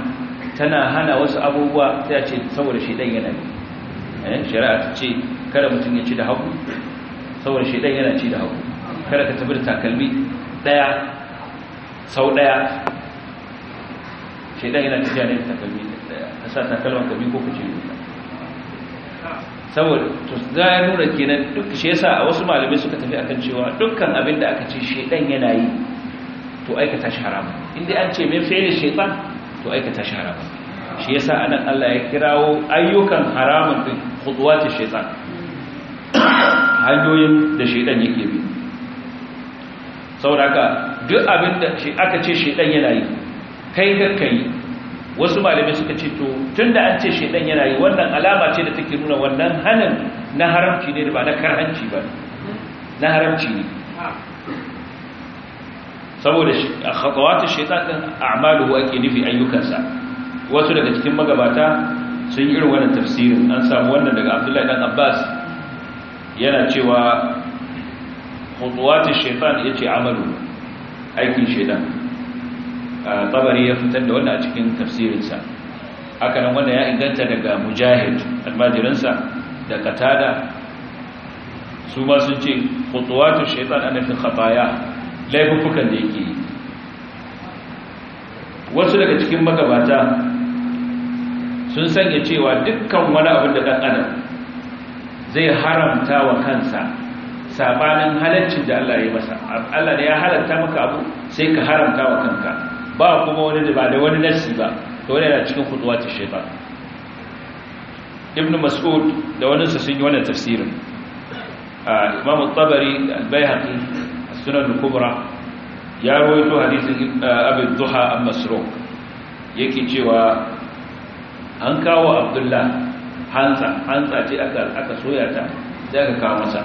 tana hana wasu abubuwa sai a ce saboda shi ɗan yana ne eh, shari'a ta ce kada mutum ya ci da hagu saboda shi ɗan yana ci da hagu kada ka tafi da takalmi ɗaya sau ɗaya shi ɗan yana tafiya ne da takalmi ɗaya ka sa takalman ka biyu ko ku ce biyu saboda za ya nuna kenan duk shi yasa a wasu malamai suka tafi akan cewa dukkan abin da aka ce shedan yana yi to aikata shi haramun inda an ce min fere shedan to aikata shi haramun shi yasa anan Allah ya kirawo ayyukan haramun din khudwatu shedan hanyoyin da shedan yake bi saboda haka duk abin da aka ce shedan yana yi kai ka kai wasu malamai suka ce to tunda an ce shedan yana yi wannan alama ce da take nuna wannan hannun na haramci ne da ba na karhanci ba na haramci ne saboda khatawatu shaytan din a'malu wa nufi ayyukansa wasu daga cikin magabata sun yi irin wannan tafsirin an samu wannan daga Abdullahi dan Abbas yana cewa khutuwatu shaytan yace amalu aikin shaytan tabari ya fitar da wannan a cikin tafsirinsa haka nan wanda ya inganta daga mujahid almajirinsa da katada su ma sun ce kutuwatu shaitan ana fi khataya laifukan da yake wasu daga cikin magabata sun sanya cewa dukkan wani abin da ɗan adam zai haramta wa kansa sabanin halaccin da Allah ya masa Allah ne ya halatta maka abu sai ka haramta wa kanka ba kuma wani da ba da wani nasi ba to wani yana cikin kutuwa ta shaitan ibn mas'ud da wani su sun yi wannan tafsirin imam tabari al a sunan al-kubra ya rawaito hadisin abin duha an masruk yake cewa an kawo abdullah hansa hansa ce aka soya ta sai aka kawo masa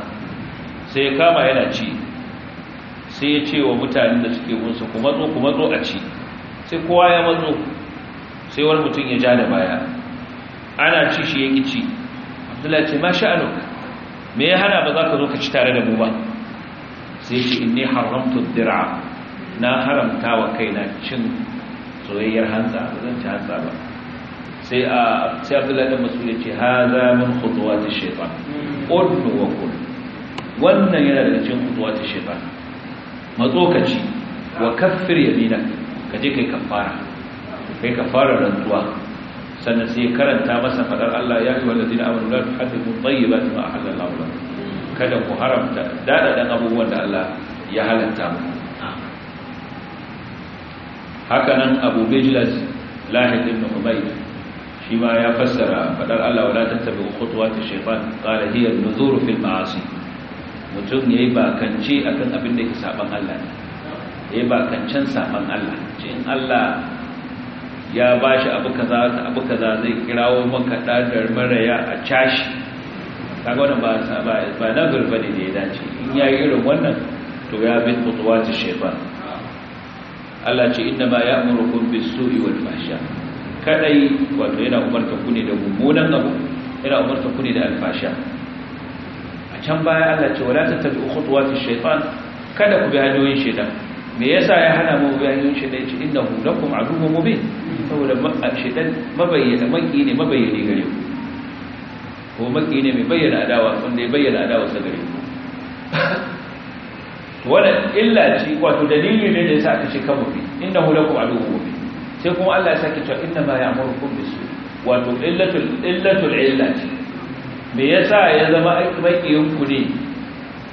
sai kama yana ci sai ya ce wa mutane da suke wunsa, kuma zo kuma zo a ci sai kowa ya mazo sai wani mutum ya ja da baya ana ci shi ya ci abdullahi ce ma sha'anuk me ya hana ba za ka zo ka ci tare da mu ba sai in ne haramta dir'a na haramta wa kaina cin soyayyar hanza, ba zan ci hanza ba sai a sai abdullahi da masu ya ce haza min ta shefa ƙudu wa ƙudu wannan yana daga cikin ta shefa matsokaci wa kafir yamina ka je kai kafara kai kafara rantuwa sannan sai karanta masa fadar Allah ya yi wallazina amanu la tuhadimu tayyibati ma ahalla Allah kada ku haramta dadadan abubuwan da Allah ya halatta mu haka nan Abu Bijlas Lahid ibn Ubayd shi ma ya fassara fadar Allah wala tattabi khutuwati shaytan qala hiya an-nuzur fil ma'asi mutum yayi bakanci akan abin da ke saban Allah ne da ba kancan saman Allah in Allah ya ba shi abu kaza abu kaza zai kirawo maka ɗadar maraya a cashi kaga wannan ba ba na gurbani da ya dace in ya yi irin wannan to ya bi kutuwatu shefa Allah ce inda ba inna kun bi su sui wal fahsha kadai wato yana umarta ku ne da mummunan abu yana umarta ku ne da alfasha a can baya Allah ce wala tattabi'u khutuwati shaytan kada ku bi hanyoyin shaytan me yasa ya hana mu bayanin shaitan ce inna hu lakum mu bi? saboda shaitan mabayyana maki ne mabayyane gare ku ko maki ne mai bayyana adawa wanda ya bayyana adawa sa gare ku wannan illa ce wato dalili ne da yasa aka ce kan mubin inna hu lakum mu bi? sai kuma Allah ya sake cewa inna ma ya'murukum bisu wato illatul illatul illati me yasa ya zama maki ku ne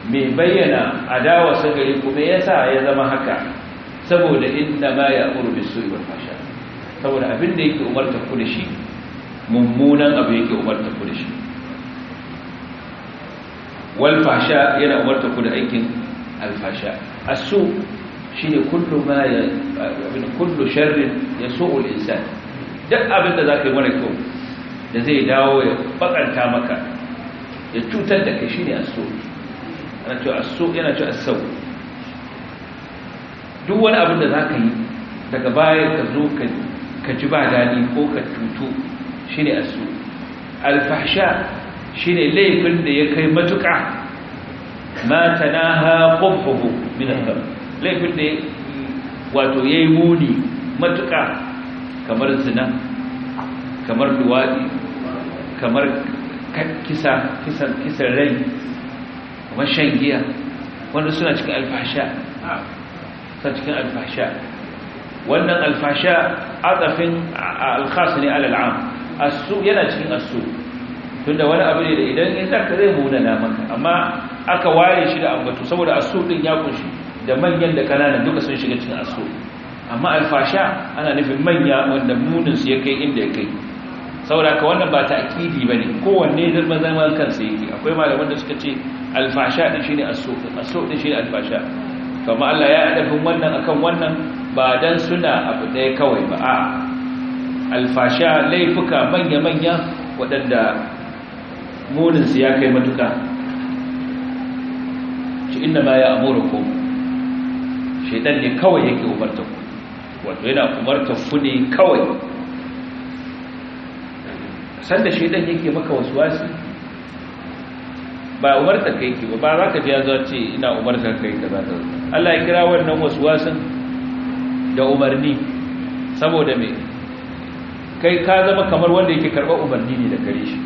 mai bayyana adawa sagari kuma ya sa ya zama haka saboda inda ma ya amuru bisu wal fasha saboda abin da yake umarta ku da shi mummunan abu yake umarta ku da shi wal fasha yana umarta ku da aikin al fasha asu shine kullu ma ya abin kullu sharrin yasu'u al insan duk abin da zaka yi mana kyau da zai dawo ya bakanta maka ya cutar da kai shine asu yana cewa as yana cewa sau duk wani abin da za ka yi daga baya ka zo ka ji ba dadi ko ka tutu shine asu. su shine laifin da ya kai matuka ma tanaha qubhu min al laifin da wato yayi muni matuka kamar zina kamar duwadi kamar kisa kisan rai mashan giya wanda suna cikin alfasha suna cikin alfasha wannan alfasha azafin alkhas ne al'am asu yana cikin asu tunda wani abu ne da idan in zaka zai munana maka amma aka ware shi da ambatu saboda asu din ya kunshi da manyan da kananan duka sun shiga cikin asu amma alfasha ana nufin manya wanda munin su ya kai inda ya kai saboda ka wannan ba ta ta'kidi bane kowanne zama zaman kansa yake akwai malaman da suka ce alfasha din shine aso aso din shine alfasha kuma Allah ya adafin wannan akan wannan ba dan suna abu ɗaya kawai ba a alfasha laifuka manya-manya waɗanda su ya kai matuka shi inda ma ya amuru ku shaidan ne kawai yake umarta ku wato yana umarta ku ne kawai sanda shaidan yake maka wasu wasi ba umarta kai ki ba ba za ka biya ya ce ina umarta kai ka za ka Allah ya kira wannan wasan da umarni saboda me kai ka zama kamar wanda yake karɓar umarni ne da gare shi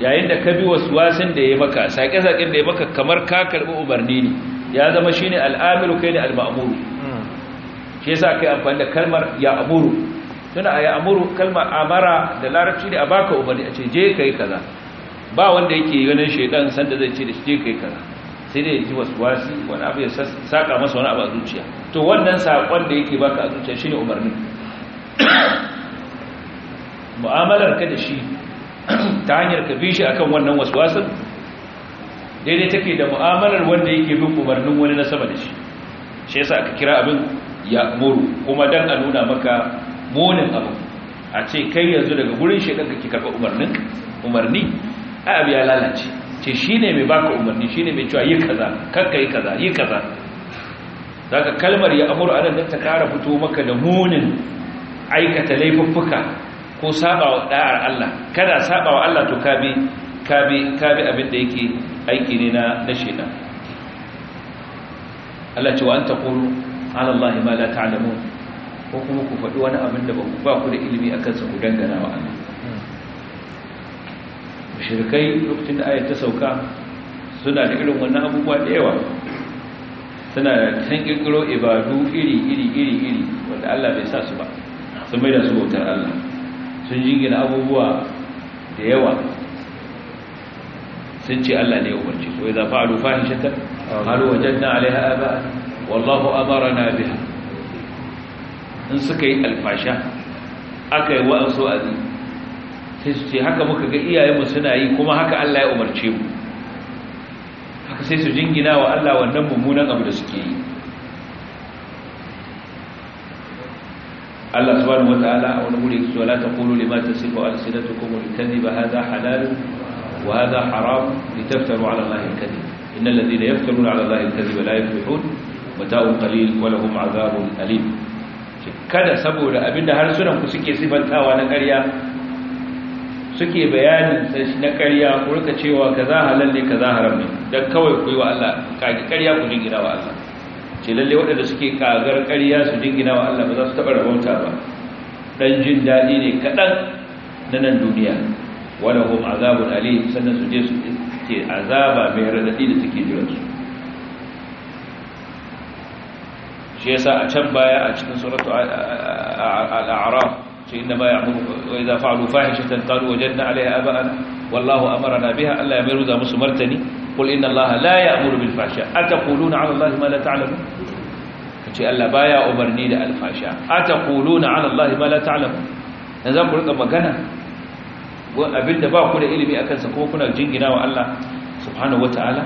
yayin da ka bi wasan da ya maka sake sake da ya maka kamar ka karɓi umarni ne ya zama shi ne al'amiru kai ne al'amuru shi yasa kai amfani da kalmar ya amuru tuna a ya amuru kalmar amara da larabci ne a baka umarni a ce je ka yi kaza ba wanda yake ganin shaidan sanda zai ce da shi kai kaza sai dai ji waswasi wani abu ya saka masa wani abu a zuciya to wannan sakon da yake baka a zuciya shine umarni mu'amalar ka da shi ta hanyar ka bi shi akan wannan waswasin daidai take da mu'amalar wanda yake bin umarnin wani na sama da shi shi yasa aka kira abin ya muru kuma dan a nuna maka munin abu a ce kai yanzu daga gurin shaidan kake karɓa umarnin umarni ai abu ya lalace ce shi ne mai baka umarni shi ne mai cewa yi kaza kakka yi kaza yi kaza za ka kalmar ya amuru anan don ta kara fito maka da munin aikata laifuffuka ko saba wa Allah kada saba wa Allah to kabi kabi kabi abin da yake aiki ne na shida. Allah ce wa an taqulu an Allah ma la ta'lamun ko kuma ku faɗi wani abin da ba ku da ilimi a kansa ku dangana wa Allah shirkai lokacin da ayat ta sauka suna da irin wannan abubuwa da yawa suna da san ibadu iri iri iri iri wanda Allah bai sa su ba sun mai da su bautar Allah sun jingina abubuwa da yawa sun ce Allah ne ya umarci so idza fa'alu fahishatan qalu wajadna 'alayha aba'a wallahu amarna biha in suka yi alfasha aka yi a azi sai su ce haka muka ga iyayenmu suna yi kuma haka Allah ya umarce mu haka sai su jingina wa Allah wannan mummunan abu da suke yi Allah subhanahu wataala a wani wuri yake cewa la taqulu lima tasifu alsinatukum alkadhiba hadha halal wa hadha haram litaftaru ala Allah alkadhib innal ladhina yaftaruna ala Allah alkadhiba la yuflihun mata'un qalil wa lahum 'adhabun alim kada saboda abinda har harsunan ku suke sifantawa na ƙarya suke bayanin sai na ƙarya ku rika cewa kaza halal ne kaza haram ne dan kawai ku yi wa Allah kage ƙarya ku jingina wa Allah ce lalle waɗanda suke kagar ƙarya su jingina wa Allah ba za su taɓa rahota ba dan jin daɗi ne kaɗan na nan duniya wala hum azabun Ali sannan su azaba mai radadi da take jiran su shi yasa a can baya a cikin suratu al-a'raf ce inda ma ya'muru wa idza fa'alu fahishatan qalu wajadna 'alayha aba'ana wallahu amarna biha Allah ya mai ruza musu martani qul inna Allah la ya'muru bil fahsha ataquluna 'ala Allah ma la ta'lamun ce Allah baya umarni da al fahsha ataquluna 'ala Allah ma la ta'lamun yanzu ku rika magana abinda ba ku da ilimi akan sa kuma kuna jingina wa Allah subhanahu wataala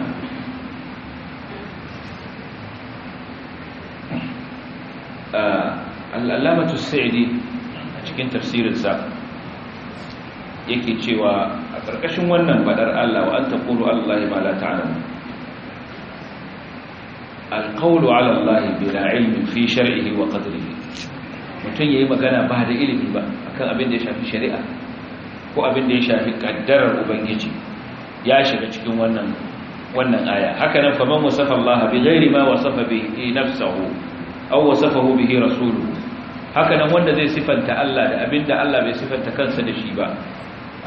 ah, al-allamatu saidi cikin tafsirinsa yake cewa a ƙarƙashin wannan faɗar Allah wa an taƙulu Allah ma la ta'lamu alqawlu ala Allah bila ilmin fi shar'ihi wa qadrihi mutum yayi magana ba da ilimi ba akan abin da ya shafi shari'a ko abin da ya shafi kaddarar ubangiji ya shiga cikin wannan wannan aya haka nan faman wasafa Allah bi ghairi ma wasafa bihi nafsuhu aw wasafahu bihi rasuluhu haka nan wanda zai sifanta Allah da abinda Allah bai sifanta kansa da shi ba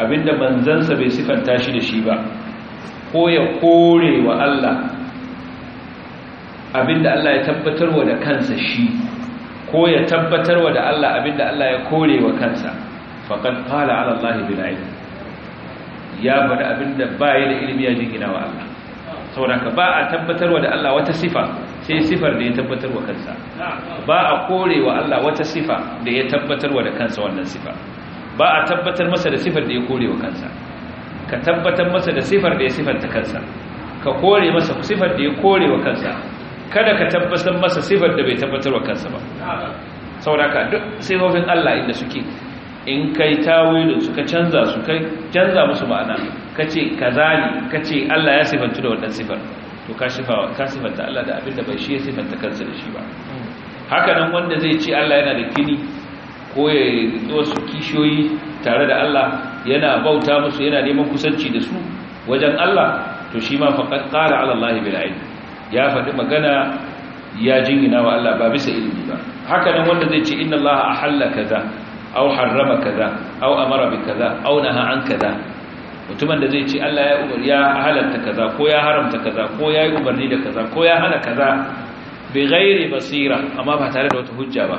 abinda manzansa bai sifanta shi da shi ba ko ya kore wa Allah abinda Allah ya tabbatar wa da kansa shi ko ya tabbatar wa da Allah abinda Allah ya kore wa kansa faqad qala ala Allah bil ilm ya bada abinda ba ya da ilimi ya jingina wa Allah saboda ka ba a tabbatar wa da Allah wata sifa sai sifar da ya tabbatar wa kansa ba a kore wa Allah wata sifa da ya tabbatar wa da kansa wannan sifa ba a tabbatar masa da sifar da ya kore wa kansa ka tabbatar masa da sifar da ya sifanta kansa ka kore masa sifar da ya kore wa kansa kada ka tabbatar masa sifar da bai tabbatar wa kansa ba sauraka duk sifofin Allah inda suke in kai tawilin su ka canza su kai canza musu ma'ana kace zani, ka kace Allah ya sifantu da wannan sifar to ka sifanta Allah da abin da bai shi ya sifanta kansa da shi ba haka nan wanda zai ce Allah yana da kini ko ya wasu kishiyoyi tare da Allah yana bauta musu yana neman kusanci da su wajen Allah to shi ma faqad qala ala Allah bil ilm ya faɗi magana ya jingina wa Allah ba bisa ilimi ba Hakanan wanda zai ce inna Allah ahalla kaza aw harrama kaza aw amara bi kaza aw naha an kaza mutumin da zai ce Allah ya umar ya halatta kaza ko ya haramta kaza ko ya yi umarni da kaza ko ya hana kaza bi ghairi basira amma ba tare da wata hujja ba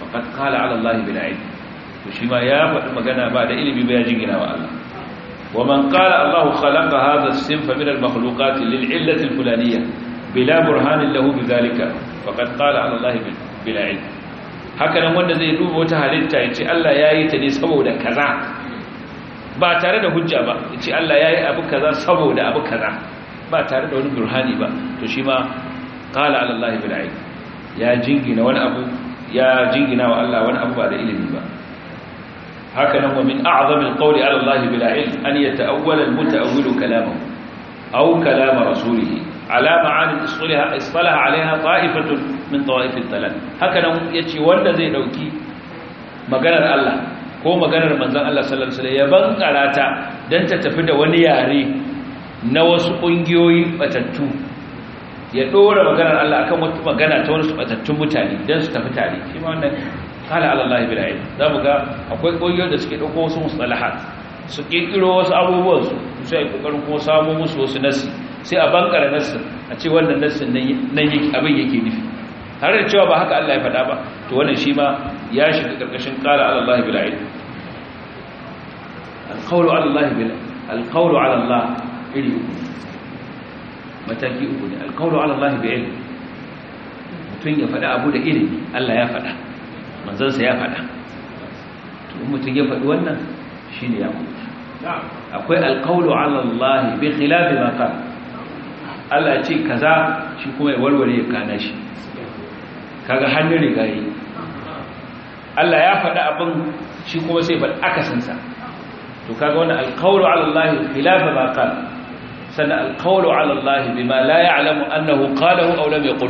faqad qala ala Allah bil ilm to shi ma ya faɗi magana ba da ilimi ba ya jingina wa Allah wa man qala Allah khalaqa hadha as-sinfa min al-makhluqat lil illati al bila burhanin lahu bi zalika faqad qala ala Allah bil ilm haka nan wanda zai duba wata halitta ya ce Allah ya yi ta ne saboda kaza ba tare da hujja ba ya ce Allah ya yi abu kaza saboda abu kaza ba tare da wani burhani ba to shi ma kala alallahi bil'ayi ya jingina wani abu ya jingina wa Allah wani abu ba da ilimi ba haka nan wa min a'zamil qawli ala Allah bila ilm an yata'awwala al-muta'awwilu kalamahu aw kalama rasulih ala ma'ani isqalaha isqalaha 'alayha ta'ifatun min ta'ifat talal haka nan yace wanda zai dauki maganar Allah ko maganar manzan Allah sallallahu alaihi ya bankara ta dan ta tafi da wani yare na wasu kungiyoyi batattu ya dora maganar Allah akan wata magana ta wasu batattun mutane dan su tafi tare shi ma wannan kala Allah bil Za mu ga akwai kungiyoyi da suke dauko wasu musalaha su ƙirƙiro wasu abubuwan su sai ƙoƙarin kuma samu musu wasu nasi sai a bankara nasin a ce wannan nasin nan abin yake nufi har da cewa ba haka Allah ya faɗa ba to wannan shi ma ya shiga karkashin qala ala allah bil ilm al qawlu ala allah bil al qawlu ala ilm mataki uku ne al qawlu ala allah bil ilm mutun ya faɗa abu da ilimi allah ya faɗa manzansa ya faɗa to mutum ya faɗi wannan shine ya kuma akwai alƙawlu ala Allah bi khilafi ma qal Allah ce kaza shi kuma ya warware ya kana shi kaga hannun rigayi Allah ya faɗi abin shi kuma sai faɗi akasinsa to kaga wannan alqawlu ala Allah khilafa ma qala sannan alqawlu ala Allah bima la ya'lamu annahu qalahu aw lam yaqul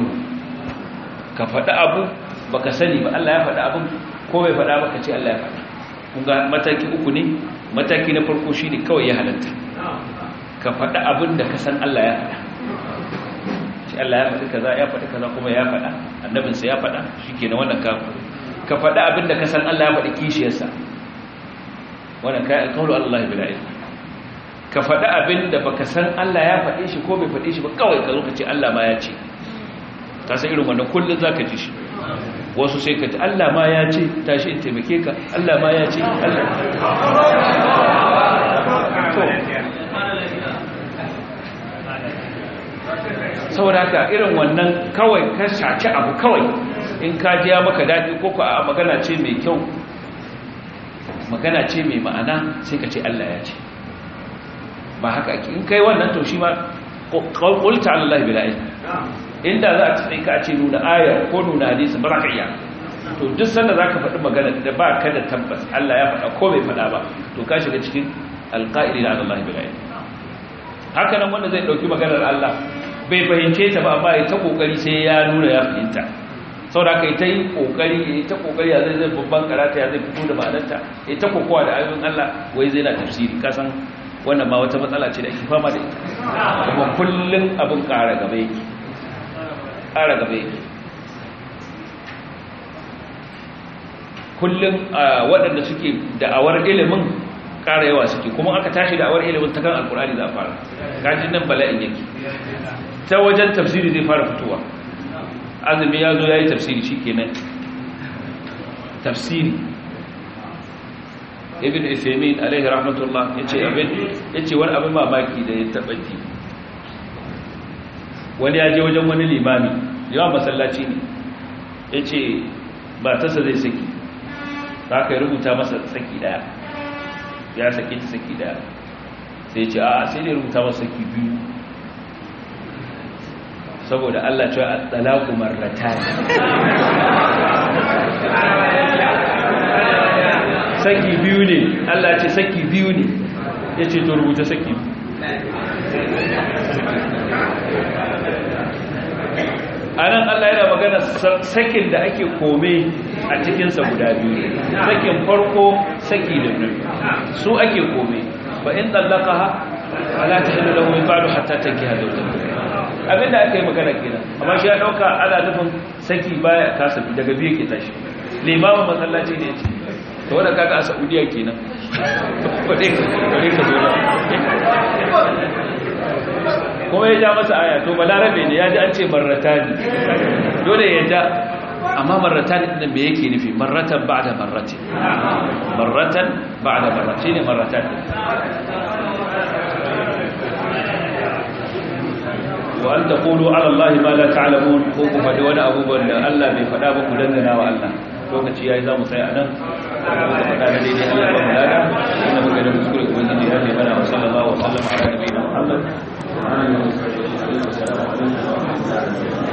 ka faɗi abu baka sani ba Allah ya faɗi abin ko bai faɗa ba ka ce Allah ya faɗi kun ga mataki uku ne mataki na farko shine kawai ya halatta ka faɗi abin da ka san Allah ya faɗa shi Allah ya faɗi kaza ya faɗi kaza kuma ya faɗa annabinsa ya faɗa shikenan wannan kafin ka faɗi abinda ka san Allah ya faɗi kishiyarsa wannan kai alƙawlu Allah bil ilmi ka faɗi abinda baka san Allah ya faɗi shi ko bai faɗi shi ba kawai ka zo ka ce Allah ma ya ce ka san irin wannan kullun zaka ji shi wasu sai ka ce Allah ma ya ce tashi in taimake ka Allah ma ya ce Allah saboda haka irin wannan kawai ka shaci abu kawai in ka ji ya maka daɗi ko a magana ce mai kyau magana ce mai ma'ana sai ka ce Allah ya ce ba haka ake in kai wannan to shi ma qulta Allah bila ilmi inda za a tsaye ka ce nuna aya ko nuna hadisi ba za ka iya to duk sanda za ka faɗi magana da ba ka da tabbas Allah ya faɗa ko bai faɗa ba to ka shiga cikin alqa'ili da Allah bila ilmi haka nan wanda zai ɗauki maganar Allah bai fahimce ta ba amma ya ta ƙoƙari sai ya nuna ya fahimta saboda yi ta yi kokari ya yi ta kokari ya zai zai babban karata ya zai fito da ma'adanta ya ta kokowa da ayoyin Allah wai zai na tafsiri kasan wannan ma wata matsala ce da ake fama da ita kuma kullum abin ƙara gaba yake ƙara gaba yake kullum waɗanda suke da'awar ilimin ƙara yawa suke kuma aka tashi da'awar ilimin ta kan alkurani za a fara gajin nan bala'in yake ta wajen tafsiri zai fara fitowa azumi ya zo ya yi tafsiri shi kenan tafsiri ibn ifemin alaihi rahmatullah ya ce wani abin mamaki da ya tabbati wani ya je wajen wani limami yawan masallaci ne ya ce ba tasa zai saki ta ka yi rubuta masa saki daya ya saki ta saki daya sai ce a sai ne rubuta masa saki biyu saboda Allah cewa at-talaqu marratan saki biyu ne Allah ce saki biyu ne yace to rubuta saki anan Allah yana magana sakin da ake kome a cikinsa guda biyu sakin farko saki da biyu su ake kome fa in tallaqaha wala tahillu lahu min ba'du hatta tankiha zawjataha abin da aka yi magana kenan amma shi ya dauka ana nufin saki baya kasa daga biyu ke tashi limamin masallaci ne ce ta wadda kaka a saudiya kenan kwadai ka zo da kuma ya ja masa aya to balarabe ne ya ji an ce marrata ne dole ya ja amma marrata ne ɗin me yake nufi marratan ba da marratin marratan ba da marratin ne marratan wa an taqulu ala allahi ma la ta'lamun ko ku faɗi wani abubuwan da Allah bai faɗa ba ku dangana wa Allah lokaci yayi zamu tsaya anan faɗa da daidai Allah ba mu lada inna muka da kuskure ubangiji ya ne wa ala